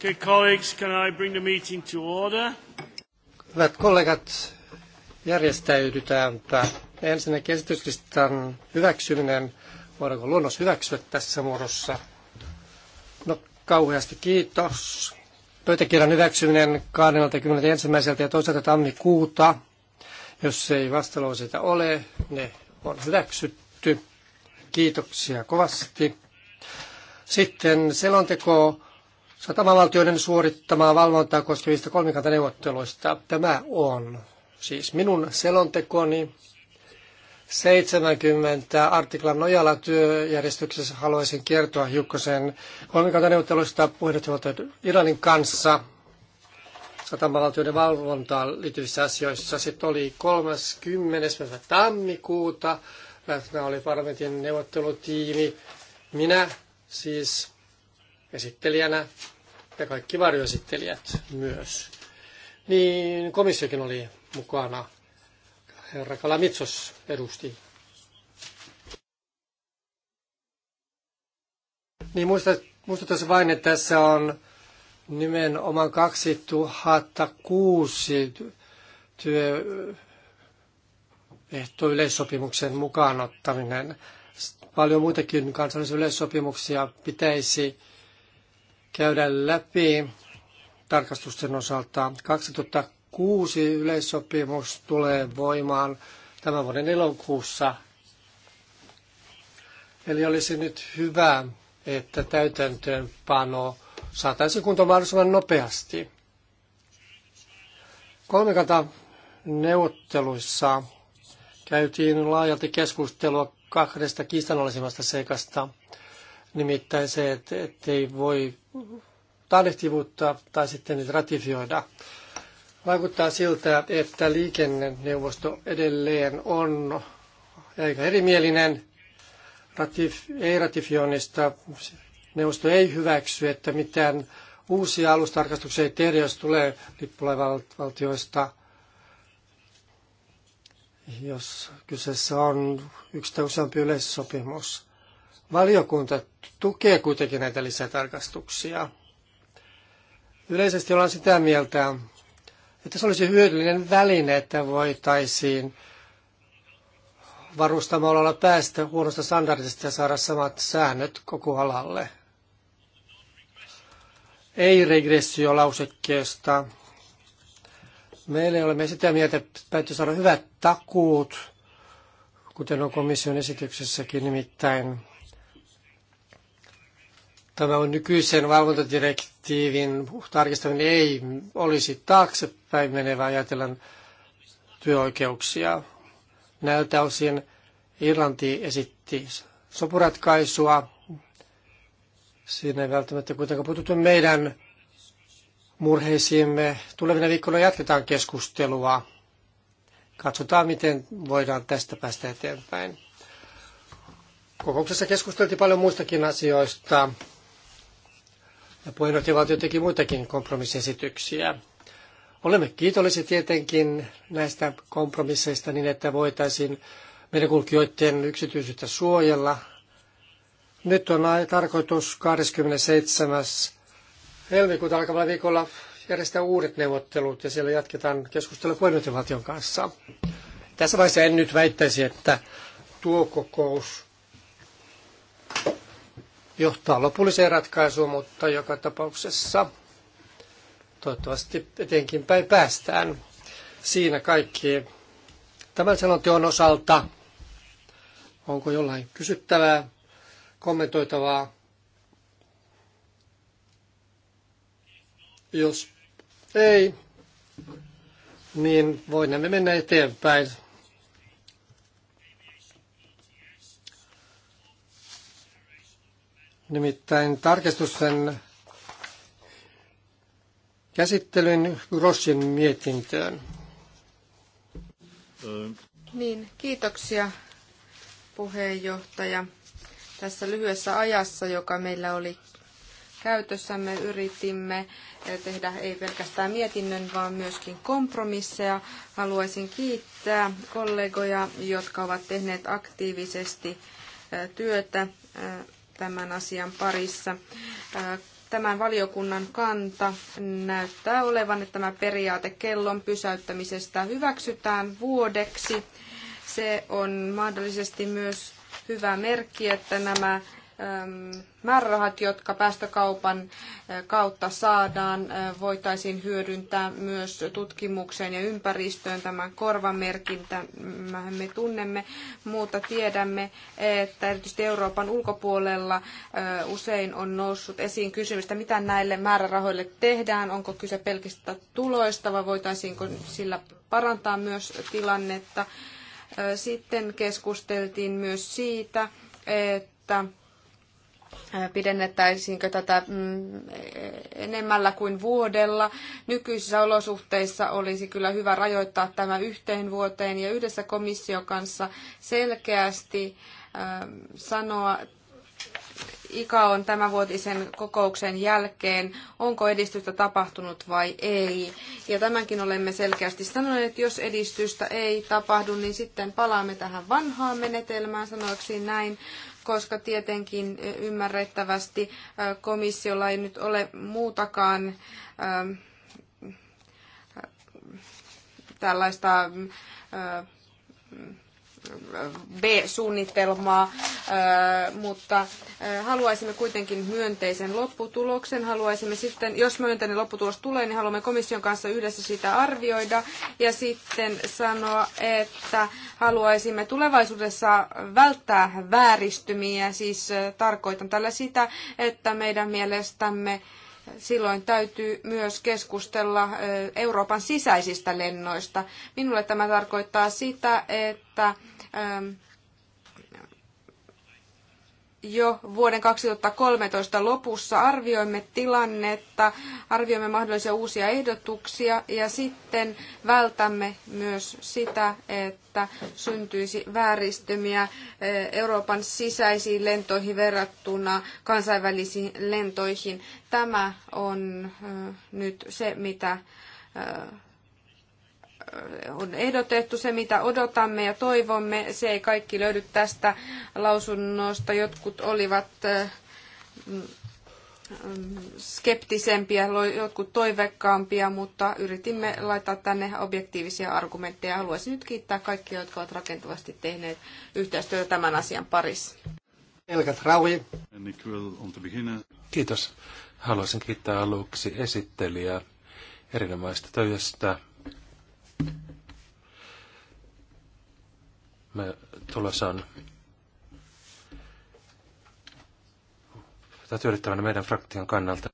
Okay, colleagues, can I bring the meeting to order? Hyvät kollegat, järjestäydytäänpä. Ensinnäkin esityslistan hyväksyminen. Voidaanko luonnos hyväksyä tässä muodossa? No kauheasti kiitos. Pöytäkirjan hyväksyminen 21. ja toiselta tammikuuta. Jos ei vastalauseita ole, ne on hyväksytty. Kiitoksia kovasti. Sitten selonteko satamavaltioiden suorittamaa valvontaa koskevista kolmikantaneuvotteluista. Tämä on siis minun selontekoni 70 artiklan nojalla työjärjestyksessä haluaisin kertoa hiukkosen kolmikantaneuvotteluista puheenjohtajavaltion Iranin kanssa satamavaltioiden valvontaan liittyvissä asioissa. Sitten oli 30. tammikuuta. Läsnä oli parlamentin neuvottelutiimi. Minä siis esittelijänä ja kaikki varjoesittelijät myös. Niin komissiokin oli mukana. Herra Kalamitsos edusti. Niin muistuttaisin vain, että tässä on nimenomaan 2006 työ, ehtoyleissopimuksen mukaan ottaminen. Paljon muitakin kansallisia yleissopimuksia pitäisi käydä läpi tarkastusten osalta. 2006 yleissopimus tulee voimaan tämän vuoden elokuussa. Eli olisi nyt hyvä, että täytäntöönpano saataisiin kuntoon mahdollisimman nopeasti. Kolmikata neuvotteluissa käytiin laajalti keskustelua kahdesta kiistanalaisimmasta seikasta – nimittäin se, että ettei voi tahdehtivuutta tai sitten niitä ratifioida. Vaikuttaa siltä, että liikenneneuvosto edelleen on aika erimielinen ratif- ei-ratifioinnista. Neuvosto ei hyväksy, että mitään uusia alustarkastuksia ei tehdä, jos tulee lippulaivaltioista, jos kyseessä on yksi tai useampi yleissopimus. Valiokunta tukee kuitenkin näitä lisätarkastuksia. Yleisesti ollaan sitä mieltä, että se olisi hyödyllinen väline, että voitaisiin varustamalla päästä huonosta standardista ja saada samat säännöt koko alalle. Ei-regressiolausekkeesta. Meille olemme sitä mieltä, että täytyy saada hyvät takuut, kuten on komission esityksessäkin nimittäin tämä on nykyisen valvontadirektiivin tarkistaminen ei olisi taaksepäin menevä ajatellen työoikeuksia. Näiltä osin Irlanti esitti sopuratkaisua. Siinä ei välttämättä kuitenkaan puututtu meidän murheisiimme. Tulevina viikkoina jatketaan keskustelua. Katsotaan, miten voidaan tästä päästä eteenpäin. Kokouksessa keskusteltiin paljon muistakin asioista ja puheenjohtajavaltio teki muitakin kompromissiesityksiä. Olemme kiitollisia tietenkin näistä kompromisseista niin, että voitaisiin merenkulkijoiden yksityisyyttä suojella. Nyt on tarkoitus 27. helmikuuta alkavalla viikolla järjestää uudet neuvottelut ja siellä jatketaan keskustelua puheenjohtajavaltion kanssa. Tässä vaiheessa en nyt väittäisi, että tuo kokous johtaa lopulliseen ratkaisuun, mutta joka tapauksessa toivottavasti etenkin päin päästään. Siinä kaikki tämän selonteon osalta. Onko jollain kysyttävää, kommentoitavaa? Jos ei, niin voimme mennä eteenpäin. Nimittäin tarkistusten käsittelyn Grossin mietintöön. Niin, kiitoksia puheenjohtaja. Tässä lyhyessä ajassa, joka meillä oli käytössämme, yritimme eh, tehdä ei pelkästään mietinnön, vaan myöskin kompromisseja. Haluaisin kiittää kollegoja, jotka ovat tehneet aktiivisesti eh, työtä eh, tämän asian parissa. Tämän valiokunnan kanta näyttää olevan, että tämä periaate kellon pysäyttämisestä hyväksytään vuodeksi. Se on mahdollisesti myös hyvä merkki, että nämä määrärahat, jotka päästökaupan kautta saadaan, voitaisiin hyödyntää myös tutkimukseen ja ympäristöön. tämän korvamerkintä me tunnemme, mutta tiedämme, että erityisesti Euroopan ulkopuolella usein on noussut esiin kysymystä, mitä näille määrärahoille tehdään, onko kyse pelkistä tuloista vai voitaisiinko sillä parantaa myös tilannetta. Sitten keskusteltiin myös siitä, että pidennettäisiinkö tätä mm, enemmällä kuin vuodella. Nykyisissä olosuhteissa olisi kyllä hyvä rajoittaa tämä yhteen vuoteen ja yhdessä komission kanssa selkeästi sanoa ICAON tämänvuotisen kokouksen jälkeen, onko edistystä tapahtunut vai ei. Ja tämänkin olemme selkeästi sanoneet, että jos edistystä ei tapahdu, niin sitten palaamme tähän vanhaan menetelmään, sanoiksi näin, koska tietenkin ymmärrettävästi komissiolla ei nyt ole muutakaan tällaista B-suunnitelmaa, äh, mutta äh, haluaisimme kuitenkin myönteisen lopputuloksen. Haluaisimme sitten, jos myönteinen lopputulos tulee, niin haluamme komission kanssa yhdessä sitä arvioida ja sitten sanoa, että haluaisimme tulevaisuudessa välttää vääristymiä. Siis äh, tarkoitan tällä sitä, että meidän mielestämme silloin täytyy myös keskustella Euroopan sisäisistä lennoista. Minulle tämä tarkoittaa sitä, että jo vuoden 2013 lopussa arvioimme tilannetta, arvioimme mahdollisia uusia ehdotuksia ja sitten vältämme myös sitä, että syntyisi vääristymiä eh, Euroopan sisäisiin lentoihin verrattuna kansainvälisiin lentoihin. Tämä on eh, nyt se, mitä eh, on ehdotettu, se mitä odotamme ja toivomme, se ei kaikki löydy tästä lausunnosta. Jotkut olivat mm, skeptisempiä, jotkut toiveikkaampia, mutta yritimme laittaa tänne objektiivisia argumentteja. Haluaisin nyt kiittää kaikkia, jotka ovat rakentavasti tehneet yhteistyötä tämän asian parissa. Elka Kiitos. Haluaisin kiittää aluksi esittelijää erinomaista työstä me tulossa on tätä tyydyttävänä meidän fraktion kannalta.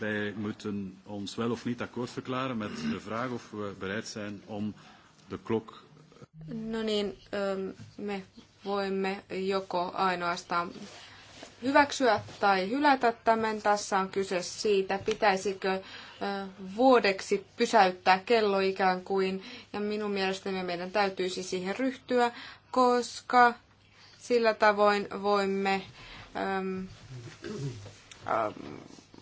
Wij moeten ons wel of niet akkoord verklaren met de vraag of we bereid zijn om de klok... No niin, ehm, me voimme joko ainoastaan hyväksyä tai hylätä tämän. Tässä on kyse siitä, pitäisikö ehm, vuodeksi pysäyttää kello ikään kuin, ja minun mielestäni meidän täytyisi siihen ryhtyä koska sillä tavoin voimme äm, äm,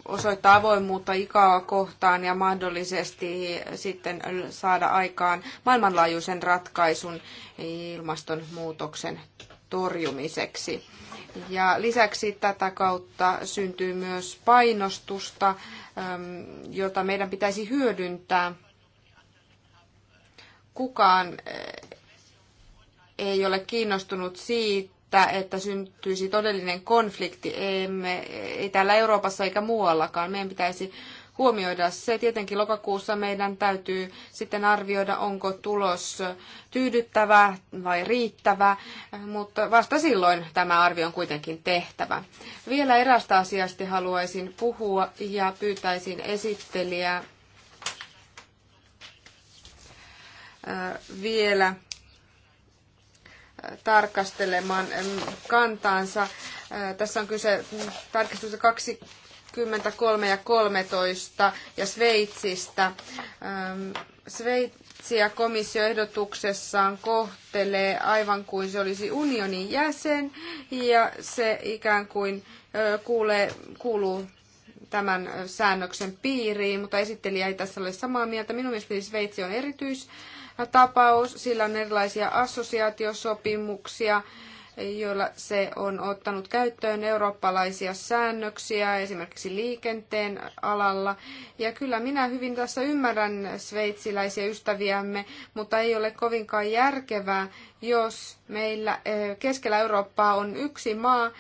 osoittaa avoimuutta ikaa kohtaan ja mahdollisesti sitten saada aikaan maailmanlaajuisen ratkaisun ilmastonmuutoksen torjumiseksi. Ja lisäksi tätä kautta syntyy myös painostusta, jota meidän pitäisi hyödyntää. Kukaan ei ole kiinnostunut siitä, että syntyisi todellinen konflikti. Emme, ei täällä Euroopassa eikä muuallakaan. Meidän pitäisi huomioida se. Tietenkin lokakuussa meidän täytyy sitten arvioida, onko tulos tyydyttävä vai riittävä, mutta vasta silloin tämä arvio on kuitenkin tehtävä. Vielä erästä asiasta haluaisin puhua ja pyytäisin esittelijää vielä tarkastelemaan kantaansa. Tässä on kyse tarkistusta 23 ja 13 ja Sveitsistä. Sveitsiä komissio ehdotuksessaan kohtelee aivan kuin se olisi unionin jäsen ja se ikään kuin kuulee, kuuluu tämän säännöksen piiriin, mutta esittelijä ei tässä ole samaa mieltä. Minun mielestäni Sveitsi on erityis tapaus. Sillä on erilaisia assosiaatiosopimuksia, joilla se on ottanut käyttöön eurooppalaisia säännöksiä esimerkiksi liikenteen alalla. Ja kyllä minä hyvin tässä ymmärrän sveitsiläisiä ystäviämme, mutta ei ole kovinkaan järkevää, jos meillä eh, keskellä Eurooppaa on yksi maa,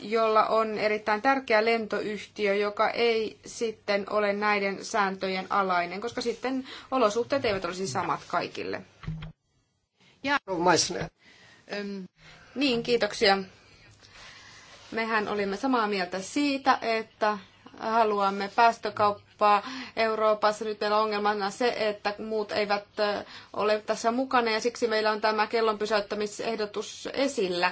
jolla on erittäin tärkeä lentoyhtiö, joka ei sitten ole näiden sääntöjen alainen, koska sitten olosuhteet eivät olisi samat kaikille. Ja, niin, kiitoksia. Mehän olimme samaa mieltä siitä, että haluamme päästökauppaa kauppaa Euroopassa. Nyt meillä on ongelmana se, että muut eivät äh, ole tässä mukana ja siksi meillä on tämä kellon pysäyttämisehdotus esillä.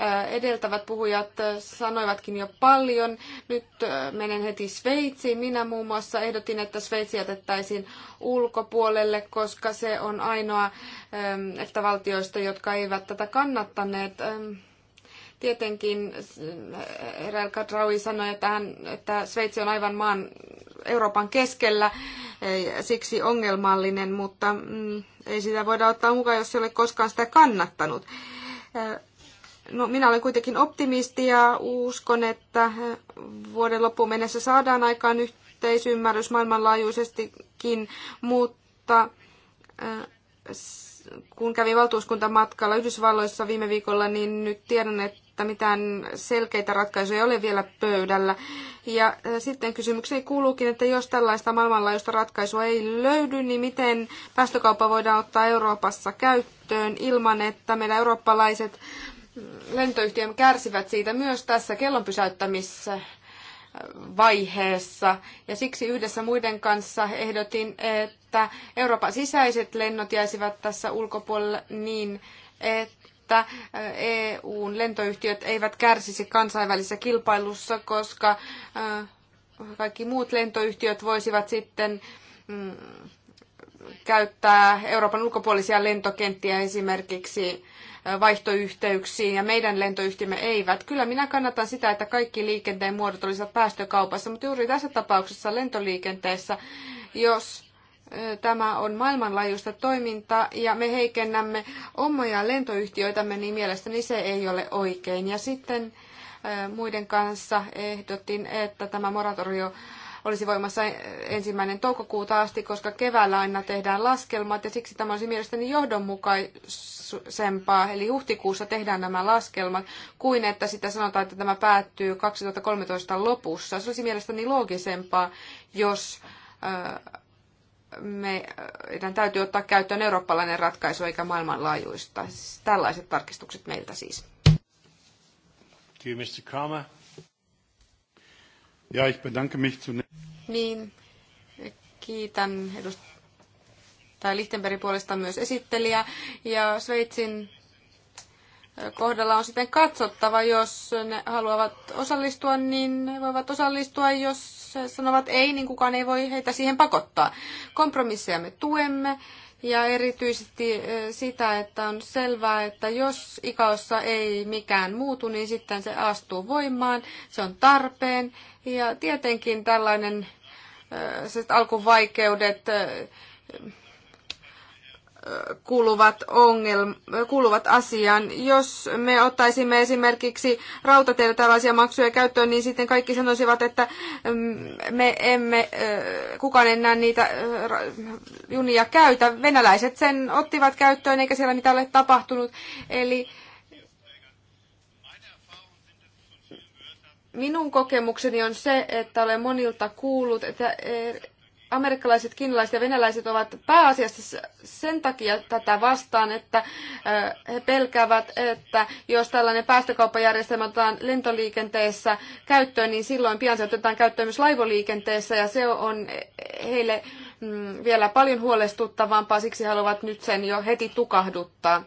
Äh, edeltävät puhujat äh, sanoivatkin jo paljon. Nyt menen heti Sveitsiin. Minä muun muassa ehdotin, että Sveitsi jätettäisiin ulkopuolelle, koska se on ainoa ähm, että valtioista, jotka eivät tätä kannattaneet. Ähm, Tietenkin Erel Kadraui sanoi, että, hän, että Sveitsi on aivan maan Euroopan keskellä, e, siksi ongelmallinen, mutta mm, ei sitä voida ottaa mukaan, jos ei ole koskaan sitä kannattanut. E, no, minä olen kuitenkin optimisti ja uskon, että e, vuoden loppuun mennessä saadaan aikaan yhteisymmärrys maailmanlaajuisestikin, mutta kun kävin valtuuskuntamatkalla Yhdysvalloissa viime viikolla, niin nyt tiedän, että että mitään selkeitä ratkaisuja ei ole vielä pöydällä. Ja sitten kysymykseni kuuluukin, että jos tällaista maailmanlaajuista ratkaisua ei löydy, niin miten päästökauppa voidaan ottaa Euroopassa käyttöön ilman, että meidän eurooppalaiset mm, lentoyhtiöt kärsivät siitä myös tässä kellon vaiheessa. Ja siksi yhdessä muiden kanssa ehdotin, että Euroopan sisäiset lennot jäisivät tässä ulkopuolella niin, että että EUn lentoyhtiöt eivät kärsisi kansainvälisessä kilpailussa, koska kaikki muut lentoyhtiöt voisivat sitten mm, käyttää Euroopan ulkopuolisia lentokenttiä esimerkiksi vaihtoyhteyksiin ja meidän lentoyhtiömme eivät. Kyllä minä kannatan sitä, että kaikki liikenteen muodot olisivat päästökaupassa, mutta juuri tässä tapauksessa lentoliikenteessä, jos tämä on maailmanlaajuista toimintaa ja me heikennämme omia lentoyhtiöitämme, niin mielestäni se ei ole oikein. Ja sitten muiden kanssa ehdotin, että tämä moratorio olisi voimassa ensimmäinen toukokuuta asti, koska keväällä aina tehdään laskelmat ja siksi tämä olisi mielestäni johdonmukaisempaa. Eli huhtikuussa tehdään nämä laskelmat kuin että sitä sanotaan, että tämä päättyy 2013 lopussa. Se olisi mielestäni loogisempaa, jos meidän täytyy ottaa käyttöön eurooppalainen ratkaisu eikä maailmanlaajuista. Tällaiset tarkistukset meiltä siis. Ja, ich bedanke mich zu... Niin, kiitän edustaja Lichtenbergin puolesta myös esittelijä ja Sveitsin kohdalla on sitten katsottava, jos ne haluavat osallistua, niin ne voivat osallistua, jos sanovat ei, niin kukaan ei voi heitä siihen pakottaa. Kompromisseja me tuemme ja erityisesti eh, sitä, että on selvää, että jos ikaossa ei mikään muutu, niin sitten se astuu voimaan, se on tarpeen ja tietenkin tällainen eh, alkuvaikeudet eh, kuuluvat, ongelma, kuuluvat asiaan. Jos me ottaisimme esimerkiksi rautateille tällaisia maksuja käyttöön, niin sitten kaikki sanoisivat, että mm, me emme, kukaan enää niitä junia käytä. Venäläiset sen ottivat käyttöön, eikä siellä mitään ole tapahtunut. Eli minun kokemukseni on se, että olen monilta kuullut, että er- amerikkalaiset, kiinalaiset ja venäläiset ovat pääasiassa sen takia tätä vastaan, että he pelkäävät, että jos tällainen päästökauppajärjestelmä otetaan lentoliikenteessä käyttöön, niin silloin pian se otetaan käyttöön myös laivoliikenteessä ja se on heille mm, vielä paljon huolestuttavampaa, siksi haluavat nyt sen jo heti tukahduttaa.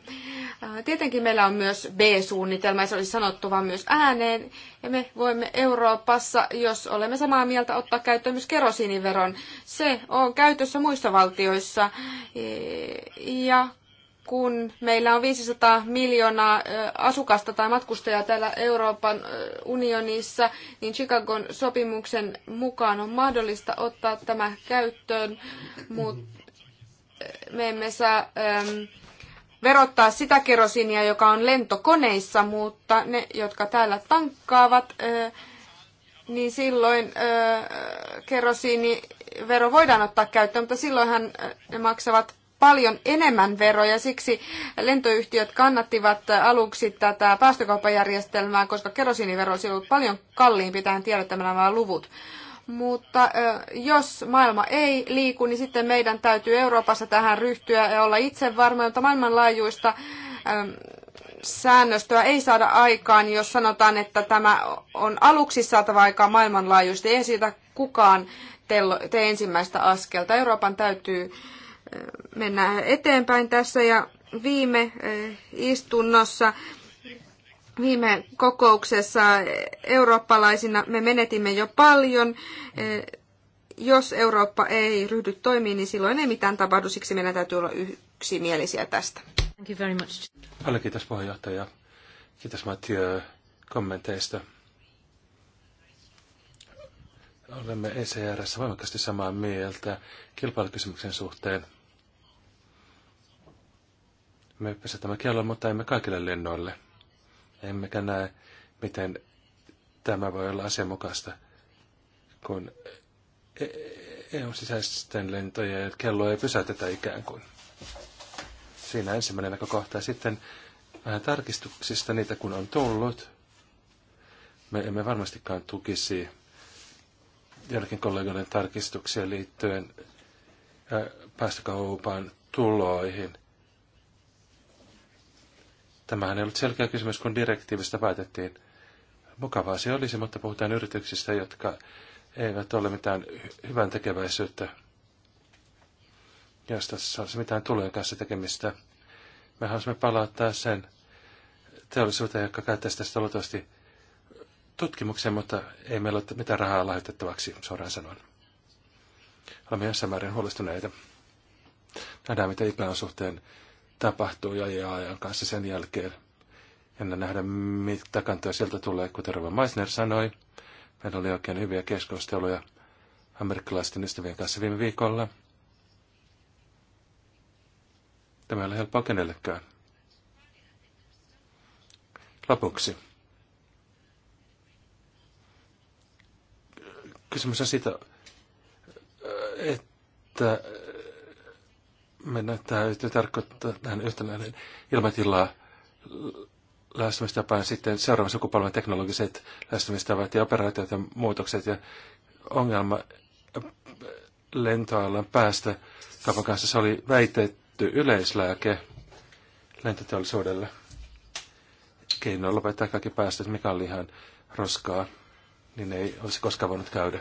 Äh, tietenkin meillä on myös B-suunnitelma, ja se olisi sanottu vaan myös ääneen. Ja me voimme Euroopassa, jos olemme samaa mieltä, ottaa käyttöön myös kerosiiniveron. Se on käytössä muissa valtioissa. Ja kun meillä on 500 miljoonaa asukasta tai matkustajaa täällä Euroopan unionissa, niin Chicagon sopimuksen mukaan on mahdollista ottaa tämä käyttöön, mutta me emme saa ähm, verottaa sitä kerosinia, joka on lentokoneissa, mutta ne, jotka täällä tankkaavat, niin silloin kerosiinivero voidaan ottaa käyttöön, mutta silloinhan ne maksavat paljon enemmän veroja. Siksi lentoyhtiöt kannattivat aluksi tätä päästökauppajärjestelmää, koska kerosiinivero olisi ollut paljon kalliimpi. Tähän tiedottamalla nämä luvut. Mutta jos maailma ei liiku, niin sitten meidän täytyy Euroopassa tähän ryhtyä ja olla itse varmoja, mutta maailmanlaajuista säännöstöä ei saada aikaan, jos sanotaan, että tämä on aluksi saatava aikaan maailmanlaajuisesti. Ei siitä kukaan tee ensimmäistä askelta. Euroopan täytyy mennä eteenpäin tässä ja viime istunnossa Viime kokouksessa eurooppalaisina me menetimme jo paljon. E, jos Eurooppa ei ryhdy toimiin, niin silloin ei mitään tapahdu. Siksi meidän täytyy olla yksimielisiä tästä. Thank you very much. Paljon kiitos puheenjohtaja. Kiitos Mathieu kommenteista. Olemme ECRssä voimakkaasti samaa mieltä kilpailukysymyksen suhteen. Me pesätämme kello, mutta emme kaikille lennoille. Emmekä näe, miten tämä voi olla asianmukaista, kun e- e- EUn sisäisten lentojen kello ei pysäytetä ikään kuin. Siinä ensimmäinen näkökohta. Sitten vähän tarkistuksista niitä kun on tullut. Me emme varmastikaan tukisi jälkeen kollegoiden tarkistuksia liittyen päästökaupan tuloihin. Tämähän ei ollut selkeä kysymys, kun direktiivistä päätettiin. Mukavaa se olisi, mutta puhutaan yrityksistä, jotka eivät ole mitään hyvän tekeväisyyttä, jos tässä olisi mitään tulojen kanssa tekemistä. Me haluaisimme palauttaa sen teollisuuteen, joka käyttäisi tästä luultavasti tutkimukseen, mutta ei meillä ole mitään rahaa lahjoitettavaksi, suoraan sanoen. Olemme jossain määrin huolestuneita. Nähdään, mitä on suhteen tapahtui ajan kanssa sen jälkeen. En nähdä, mitä kantoja sieltä tulee. Kuten Rova Meissner sanoi, meillä oli oikein hyviä keskusteluja amerikkalaisten ystävien kanssa viime viikolla. Tämä ei ole helppoa kenellekään. Lopuksi. Kysymys on siitä, että tähän täytyy tarkoittaa tähän yhtenäinen ilmatilaa lähestymistapaan sitten seuraavan sukupolven teknologiset lähestymistavat ja operaatiot ja muutokset ja ongelma lentoalan päästä kaupan kanssa. Se oli väitetty yleislääke lentoteollisuudelle. keinoin lopettaa kaikki päästöt, mikä oli ihan roskaa, niin ei olisi koskaan voinut käydä.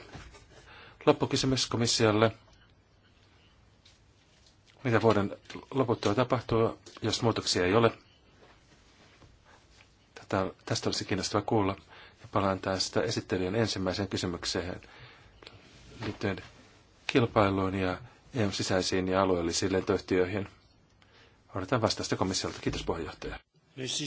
Loppukysymys komissiolle mitä vuoden loputtua tapahtuu, jos muutoksia ei ole. Tätä, tästä olisi kiinnostava kuulla. Ja palaan tästä esittelijän ensimmäiseen kysymykseen liittyen kilpailuun ja EU sisäisiin ja alueellisiin lentoyhtiöihin. Odotan vastausta komissiolta. Kiitos puheenjohtaja. Merci,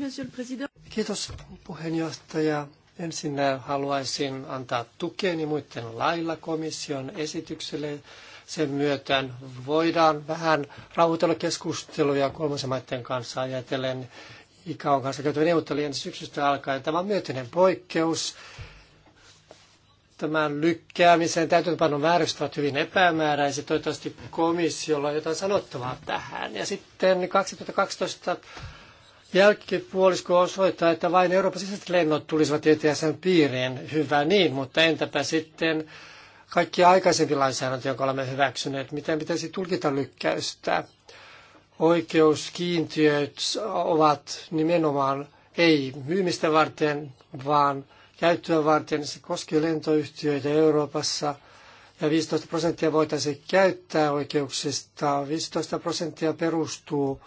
monsieur le Kiitos puheenjohtaja. Ensin haluaisin antaa tukeni muiden lailla komission esitykselle. Sen myötä voidaan vähän rauhoitella keskusteluja kolmansien maiden kanssa ajatellen ICAO kanssa käytävä neuvottelujen syksystä alkaen. Tämä on myönteinen poikkeus. Tämän lykkäämisen täytäntöpanon määräykset ovat hyvin epämääräisiä, Toivottavasti komissiolla on jotain sanottavaa tähän. Ja sitten 2012 Jälkipuolisko osoittaa, että vain Euroopan sisäiset lennot tulisivat ETSn piiriin. Hyvä niin, mutta entäpä sitten kaikki aikaisempi lainsäädäntö, jonka olemme hyväksyneet, miten pitäisi tulkita lykkäystä? Oikeuskiintiöt ovat nimenomaan ei myymistä varten, vaan käyttöä varten. Se koskee lentoyhtiöitä Euroopassa ja 15 prosenttia voitaisiin käyttää oikeuksista. 15 prosenttia perustuu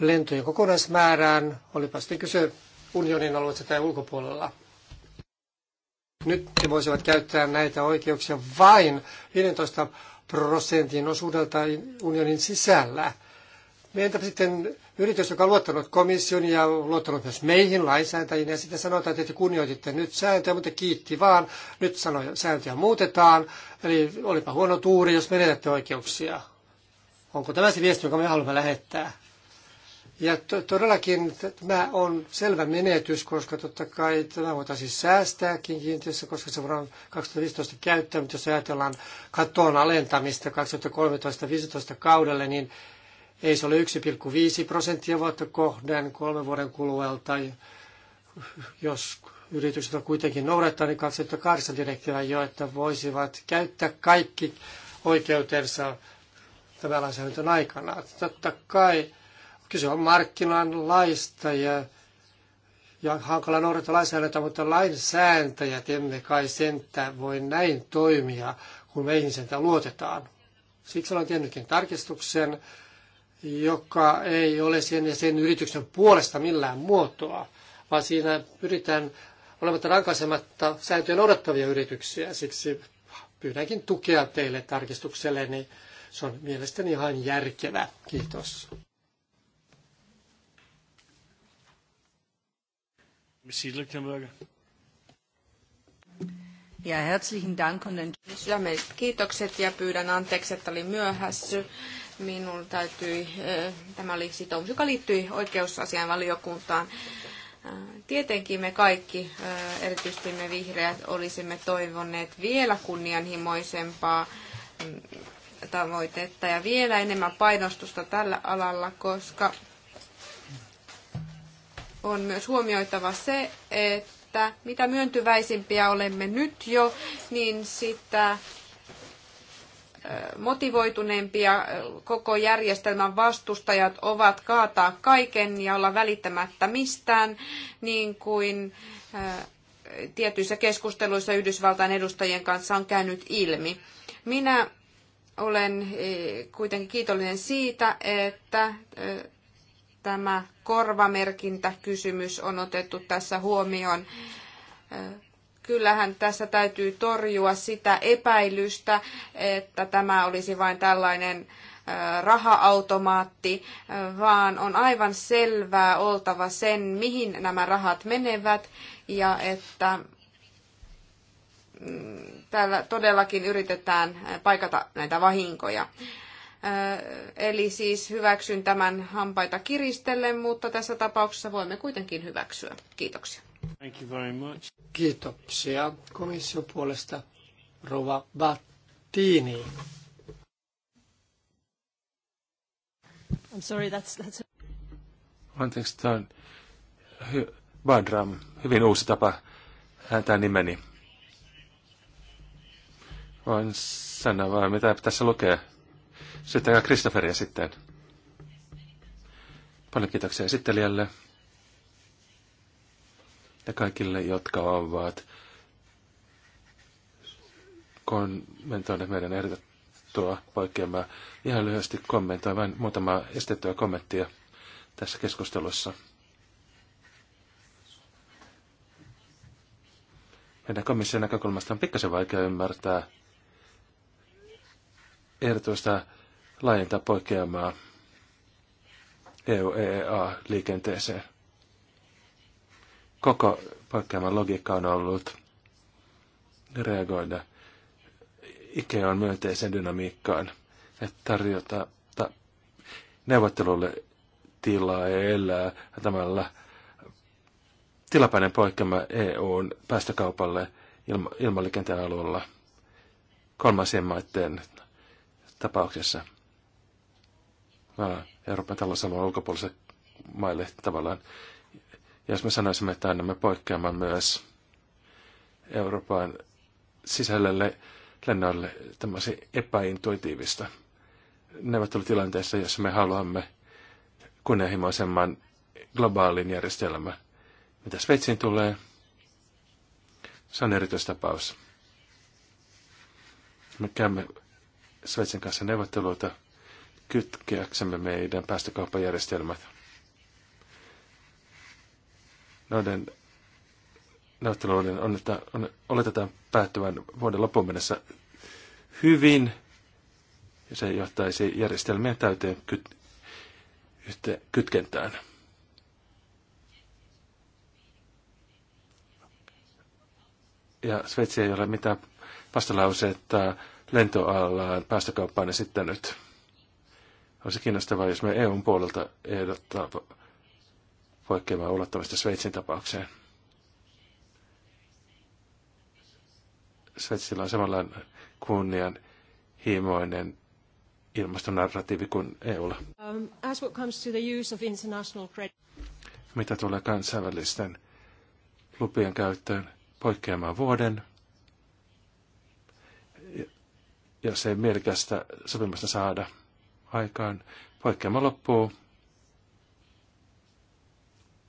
lentojen kokonaismäärään, olipa sitten kyse unionin alueessa tai ulkopuolella. Nyt he voisivat käyttää näitä oikeuksia vain 15 prosentin osuudelta unionin sisällä. Meidän entäpä sitten yritys, joka on luottanut komission ja luottanut myös meihin lainsäätäjiin, ja sitten sanotaan, että kunnioititte nyt sääntöjä, mutta kiitti vaan, nyt sanoja, sääntöjä muutetaan, eli olipa huono tuuri, jos menetätte oikeuksia. Onko tämä se viesti, jonka me haluamme lähettää? Ja to, todellakin tämä on selvä menetys, koska totta kai tämä voitaisiin säästääkin kiinteistössä, koska se voidaan 2015 käyttää, mutta jos ajatellaan katon alentamista 2013-2015 kaudelle, niin ei se ole 1,5 prosenttia vuotta kohden kolmen vuoden kuluelta. Jos yritykset on kuitenkin noudattaa, niin 2008 direktiivä jo, että voisivat käyttää kaikki oikeutensa tämän lainsäädäntön aikana. Totta kai Kyse on markkinan laista ja, ja hankala noudattaa lainsäädäntöä, mutta lainsääntäjät emme kai sentään voi näin toimia, kun meihin sentään luotetaan. Siksi olen tehnytkin tarkistuksen, joka ei ole sen ja sen yrityksen puolesta millään muotoa, vaan siinä pyritään olematta rankaisematta sääntöjä noudattavia yrityksiä. Siksi pyydänkin tukea teille niin Se on mielestäni ihan järkevä. Kiitos. Mrs. Lichtenberger. Ja herzlichen Dank und kiitokset ja pyydän anteeksi, että olin myöhässä. Minun täytyi, eh, tämä oli sitoumus, joka liittyi oikeusasian valiokuntaan. Eh, tietenkin me kaikki, eh, erityisesti me vihreät, olisimme toivoneet vielä kunnianhimoisempaa mm, tavoitetta ja vielä enemmän painostusta tällä alalla, koska on myös huomioitava se, että mitä myöntyväisimpiä olemme nyt jo, niin sitä motivoituneempia koko järjestelmän vastustajat ovat kaataa kaiken ja olla välittämättä mistään, niin kuin tietyissä keskusteluissa Yhdysvaltain edustajien kanssa on käynyt ilmi. Minä olen e, kuitenkin kiitollinen siitä, että tämä korvamerkintäkysymys on otettu tässä huomioon. Kyllähän tässä täytyy torjua sitä epäilystä, että tämä olisi vain tällainen rahaautomaatti, vaan on aivan selvää oltava sen, mihin nämä rahat menevät ja että mm, täällä todellakin yritetään paikata näitä vahinkoja. Eli siis hyväksyn tämän hampaita kiristellen, mutta tässä tapauksessa voimme kuitenkin hyväksyä. Kiitoksia. Thank you very much. Kiitoksia komission puolesta Rova Battini. I'm sorry, that's, that's... Anteeksi, tämä on hy- Badram, hyvin uusi tapa ääntää nimeni. Voin sanoa vain, mitä tässä lukee. Syyttäkää Kristoferia sitten. Paljon kiitoksia esittelijälle ja kaikille, jotka ovat kommentoineet meidän ehdotettua poikkeamaa. Ihan lyhyesti kommentoin vain muutama estettyä kommenttia tässä keskustelussa. Meidän komission näkökulmasta on pikkasen vaikea ymmärtää ehdotusta laajentaa poikkeamaa EU-EEA-liikenteeseen. Koko poikkeaman logiikka on ollut reagoida Ikean myönteiseen dynamiikkaan, että tarjota ta, neuvottelulle tilaa ja elää tämällä tilapäinen poikkeama EUn päästökaupalle ilma, ilmaliikenteen alueella kolmansien maiden tapauksessa maa Euroopan talousalueen ulkopuolisen maille tavallaan. Ja jos me sanoisimme, että annamme poikkeamaan myös Euroopan sisällelle lennoille tämmöisiä epäintuitiivista neuvottelutilanteessa, jossa me haluamme kunnianhimoisemman globaalin järjestelmän. Mitä Sveitsiin tulee, se on erityistapaus. Me käymme Sveitsin kanssa neuvotteluita kytkeäksemme meidän päästökauppajärjestelmät noiden neuvotteluiden on, että on, oletetaan päättyvän vuoden loppuun mennessä hyvin, ja se johtaisi järjestelmien täyteen kyt, yhte, kytkentään. Ja Sveitsi ei ole mitään vastalauseetta lentoalaan päästökauppaan esittänyt. nyt. Olisi kiinnostavaa, jos me EUn puolelta ehdottaa poikkeamaa ulottamista Sveitsin tapaukseen. Sveitsillä on samalla kunnian himoinen ilmastonarratiivi kuin EUlla. Um, Mitä tulee kansainvälisten lupien käyttöön poikkeamaan vuoden, jos ei mielekästä sopimusta saada – aikaan. Poikkeama loppuu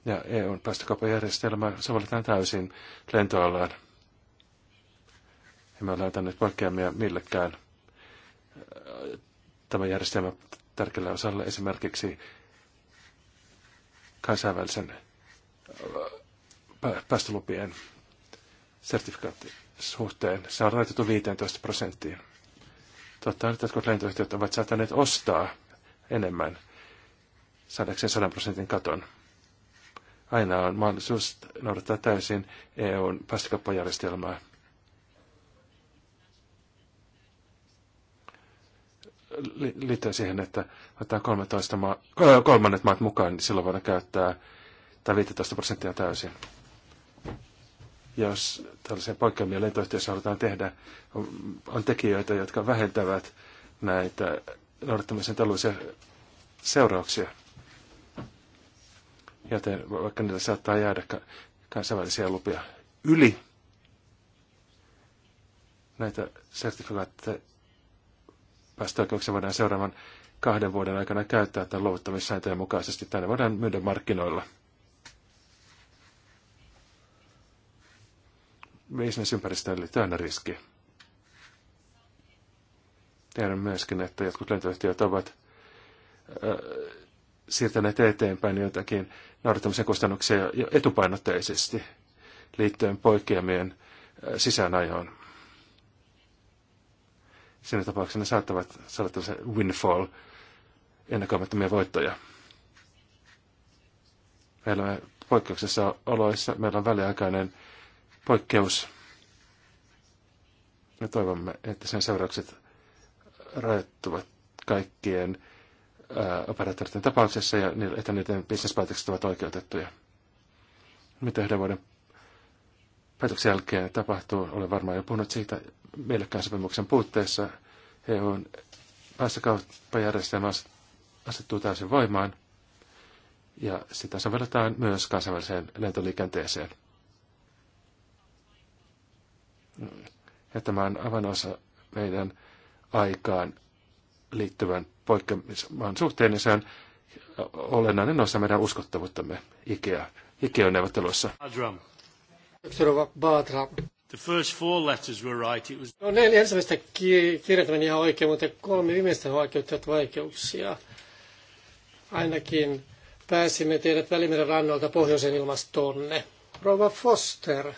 ja EUn päästökauppajärjestelmä sovelletaan täysin lentoalaan. Emme ole laitaneet poikkeamia millekään tämä järjestelmä tärkeällä osalla esimerkiksi kansainvälisen päästölupien sertifikaattisuhteen. Se on rajoitettu 15 prosenttiin. Totta on, että jotkut lentoyhtiöt ovat saattaneet ostaa enemmän saadakseen 100 prosentin katon. Aina on mahdollisuus noudattaa täysin EUn päästökauppajärjestelmää. liittyen siihen, että otetaan 13 maa, kolmannet maat mukaan, niin silloin voidaan käyttää tai 15 prosenttia täysin jos tällaisia poikkeamia lentoyhtiöissä halutaan tehdä, on, on tekijöitä, jotka vähentävät näitä noudattamisen taloudellisia seurauksia. Joten vaikka niillä saattaa jäädä kansainvälisiä lupia yli, näitä sertifikaatteja päästöoikeuksia voidaan seuraavan kahden vuoden aikana käyttää tämän luovuttamissääntöjen mukaisesti. Tänne voidaan myydä markkinoilla – bisnesympäristöön liittyy aina riski. Tiedän myöskin, että jotkut lentoyhtiöt ovat ö, siirtäneet eteenpäin jotakin noudattamisen kustannuksia jo etupainotteisesti liittyen poikkeamien sisäänajoon. Siinä tapauksessa ne saattavat saada tällaisen windfall ennakoimattomia voittoja. Meillä on poikkeuksessa oloissa meillä on väliaikainen poikkeus. Me toivomme, että sen seuraukset rajoittuvat kaikkien operaattoreiden tapauksessa ja että niiden bisnespäätökset ovat oikeutettuja. Mitä yhden vuoden päätöksen jälkeen tapahtuu, olen varmaan jo puhunut siitä meillekään sopimuksen puutteessa. EUn päästökauppajärjestelmä asettuu täysin voimaan ja sitä sovelletaan myös kansainväliseen lentoliikenteeseen. Ja tämä on meidän aikaan liittyvän poikkeamisen suhteen, niin se on olennainen osa meidän uskottavuuttamme IKEA, IKEA-neuvotteluissa. The first four letters were right. It was... No neljä ensimmäistä ki- kirjainta ihan oikein, mutta kolme viimeistä oikeuttivat vaikeuksia. Ainakin pääsimme teidät Välimeren rannalta pohjoisen ilmastonne. Rova Foster,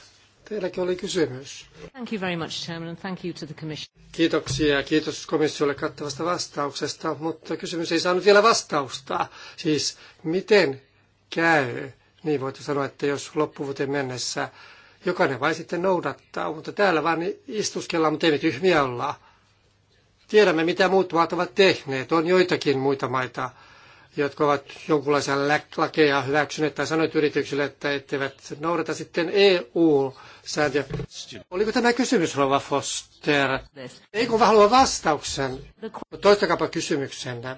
Teilläkin oli kysymys. Thank you very much, Chairman, and thank you to the Commission. Kiitoksia ja kiitos komissiolle kattavasta vastauksesta, mutta kysymys ei saanut vielä vastausta. Siis miten käy? Niin voitte sanoa, että jos loppuvuoteen mennessä jokainen vain sitten noudattaa, mutta täällä vain istuskellaan, mutta ei me tyhmiä olla. Tiedämme, mitä muut maat ovat tehneet. On joitakin muita maita, jotka ovat jonkinlaisia lakeja hyväksyneet tai sanoneet yrityksille, että etteivät noudata sitten EU-sääntöjä. Oliko tämä kysymys, Rova Foster? Ei kun haluan vastauksen. Toistakaapa kysymyksenne.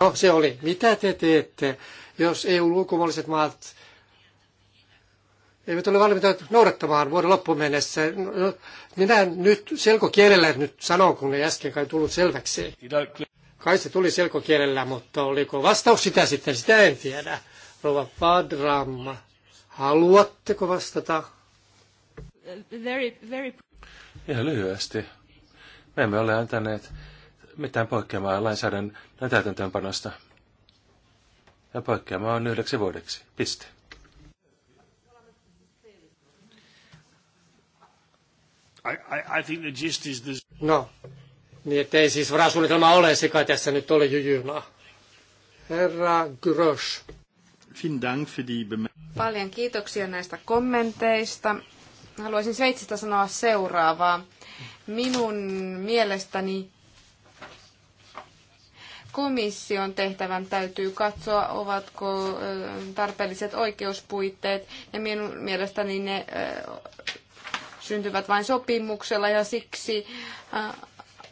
No se oli, mitä te teette, jos EU-ulkomaalaiset maat eivät ole valmiita noudattamaan vuoden loppuun mennessä. No, minä nyt selkokielellä nyt sanon, kun ei äsken kai tullut selväksi. Kai se tuli selkokielellä, mutta oliko vastaus sitä sitten, sitä en tiedä. Rova Padramma, haluatteko vastata? Very, very... Ihan lyhyesti. Me emme ole antaneet mitään poikkeamaa lainsäädännön täytäntöönpanosta. Ja poikkeama on yhdeksi vuodeksi. Piste. I, I, I think the gist is this. No, niin ettei siis varasuunnitelma ole, se tässä nyt oli jyjynä. Herra Grosch. Paljon kiitoksia näistä kommenteista. Haluaisin Sveitsistä sanoa seuraavaa. Minun mielestäni komission tehtävän täytyy katsoa, ovatko tarpeelliset oikeuspuitteet, ja minun mielestäni ne syntyvät vain sopimuksella, ja siksi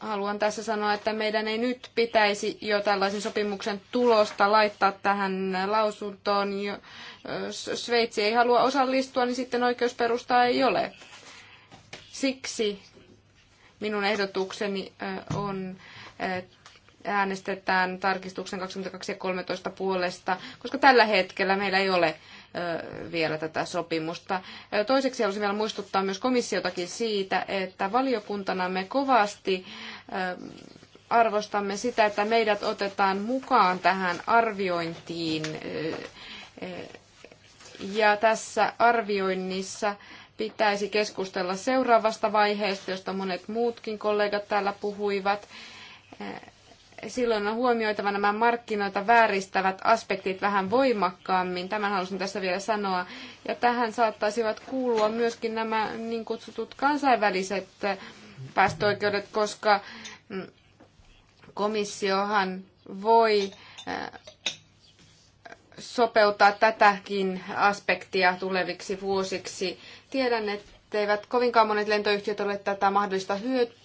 haluan tässä sanoa, että meidän ei nyt pitäisi jo tällaisen sopimuksen tulosta laittaa tähän lausuntoon. Jos Sveitsi ei halua osallistua, niin sitten oikeusperusta ei ole. Siksi minun ehdotukseni on, että äänestetään tarkistuksen 22 ja 13 puolesta, koska tällä hetkellä meillä ei ole vielä tätä sopimusta. Toiseksi haluaisin vielä muistuttaa myös komissiotakin siitä, että valiokuntana me kovasti arvostamme sitä, että meidät otetaan mukaan tähän arviointiin. Ja tässä arvioinnissa pitäisi keskustella seuraavasta vaiheesta, josta monet muutkin kollegat täällä puhuivat silloin on huomioitava nämä markkinoita vääristävät aspektit vähän voimakkaammin. Tämän halusin tässä vielä sanoa. Ja tähän saattaisivat kuulua myöskin nämä niin kutsutut kansainväliset päästöoikeudet, koska mm, komissiohan voi eh, sopeuttaa tätäkin aspektia tuleviksi vuosiksi. Tiedän, että eivät kovinkaan monet lentoyhtiöt ole tätä mahdollista hyötyä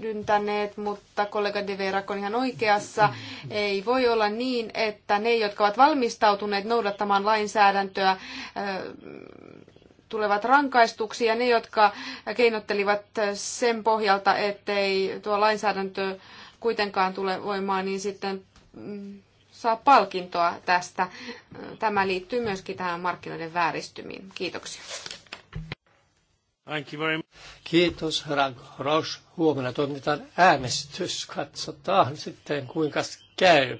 ryntäneet, mutta kollega De Verac on ihan oikeassa. Ei voi olla niin, että ne, jotka ovat valmistautuneet noudattamaan lainsäädäntöä, tulevat rankaistuksi ja ne, jotka keinottelivat sen pohjalta, ettei tuo lainsäädäntö kuitenkaan tule voimaan, niin sitten mm, saa palkintoa tästä. Tämä liittyy myöskin tähän markkinoiden vääristymiin. Kiitoksia. Thank you very Kiitos, Rank Roche. Huomenna toimitetaan äänestys. Katsotaan sitten, kuinka käy.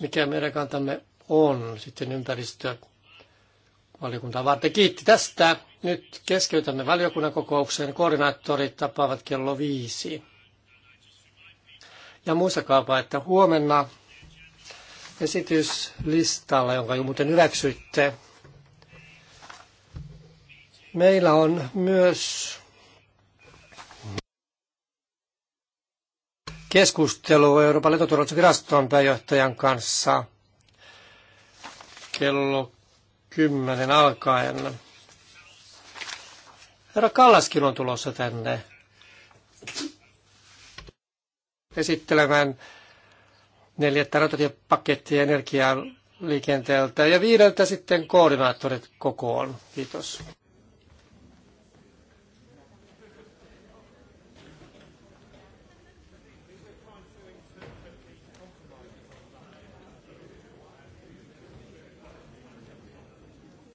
Mikä meidän kantamme on sitten ympäristö valiokunta varten. Kiitti tästä. Nyt keskeytämme valiokunnan kokouksen. Koordinaattorit tapaavat kello viisi. Ja muistakaapa, että huomenna esityslistalla, jonka jo muuten hyväksyitte, Meillä on myös keskustelu Euroopan liittoturvallisuusviraston pääjohtajan kanssa kello 10 alkaen. Herra Kallaskin on tulossa tänne esittelemään neljättä rautatiepakettia energialiikenteeltä ja viideltä sitten koordinaattorit kokoon. Kiitos.